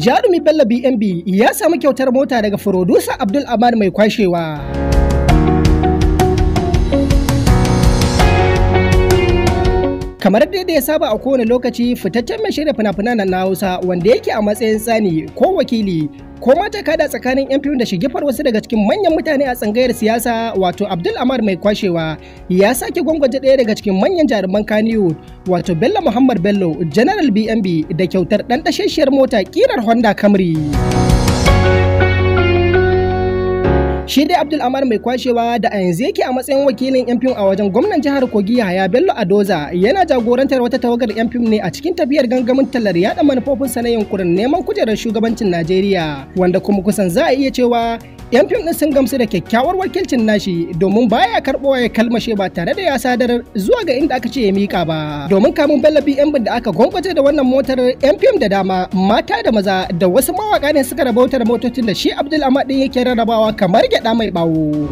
jarumi bello bnb ya samu kyautar mota daga furodusa abdul aman mai kwashewa kamar da ya saba a kowane lokaci fitaccen mai shirya fina-finan na hausa wanda yake a matsayin tsani ko wakili koma ta kada tsakanin yan fim da shigifar wasu daga cikin manyan mutane a tsangayar siyasa wato abdul amar mai kwashewa ya sake gwangwaje ɗaya daga cikin manyan jaruman kaniwood wato bello muhammad bello general bnb da kyautar ɗan tashashiyar mota ƙirar honda camry Shi dai Abdul Amar mai kwashewa da a yanzu yake a matsayin wakilin yan fim a wajen gwamnan jihar Kogi Yahaya Bello Adoza yana jagorantar wata tawagar yan fim ne a cikin tafiyar gangamin tallar yada manufofin na yunkurin neman kujerar shugabancin Najeriya wanda kuma kusan za a iya cewa 'yan fim ɗin sun gamsu da kyakkyawar wakilcin nashi domin baya karɓo ya kalmashe ba tare da ya sadar zuwa ga inda aka ce ya mika ba domin kamun yan bin da aka gwangwace da wannan motar 'yan fim da dama mata da maza da wasu mawaka ne suka rabauta da motocin da shi abdul amadin yake rarrabawa kamar gyaɗa mai bawo.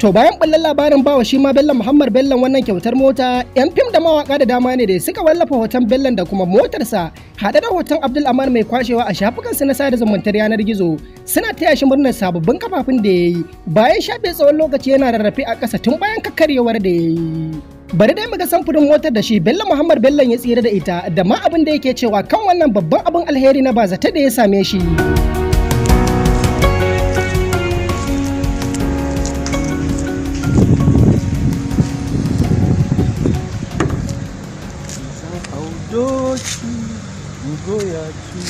To bayan ɓullar labarin bawa shi ma Bello Muhammad Bello wannan kyautar mota, 'yan fim da mawaka da dama ne da suka wallafa hoton Bello da kuma motarsa, haɗe da hoton Abdul Amar mai kwashewa a shafukansu na sada zumuntar yanar gizo, suna taya shi murnar sababbin kafafun da ya yi, bayan shafe tsawon lokaci yana rarrafe a ƙasa tun bayan kakkaryewar da ya yi. bari dai muga samfurin motar da shi bello muhammad bello ya tsira da ita da ma abin da yake cewa kan wannan babban abin alheri na bazata da ya same shi. hau doki mu goya ki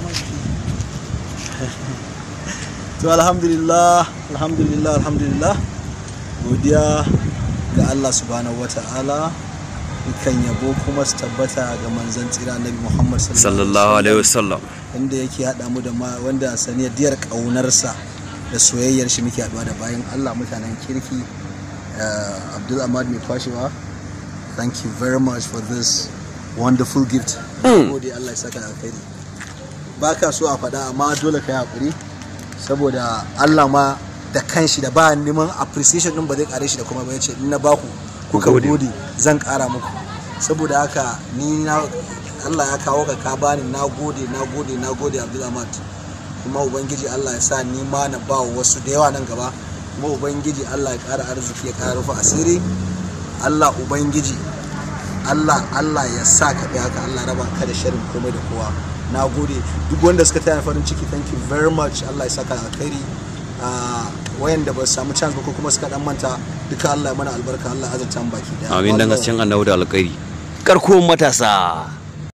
maki to alhamdulillah alhamdulillah alhamdulillah godiya ga Allah subhanahu wata'ala kan yabo kuma su tabbata ga manzon tsira nabi Muhammad sallallahu alaihi wasallam inda yake hada mu da wanda diyar kaunarsa da soyayyar shi muke haduwa da bayan Allah mutanen kirki eh, Abdul Ahmad mai fashewa thank you very much for this wonderful gift hmm. Allah ya saka ba ka so a faɗa amma dole ka yi hakuri saboda Allah ma da kanshi da ba neman appreciation din ba zai kare shi da kuma ba yace in na baku kuka godi zan kara muku saboda haka ni na Allah ya kawo ka ka bani na gode na gode na gode kuma ubangiji Allah ya sa ni ma na ba wasu da yawa nan gaba kuma ubangiji Allah ya kara arziki ya kara rufe asiri Allah ubangiji Allah Allah ya sa ka bi haka Allah raba ka da sharrin komai da kowa na gode duk wanda suka taya farin ciki thank you very much Allah ya saka alkhairi ah, wayanda ba samu chance ba ko kuma suka dan manta duka Allah ya mana albarka Allah azanta baki da amin dan gaskiyan annabi da alkhairi karko matasa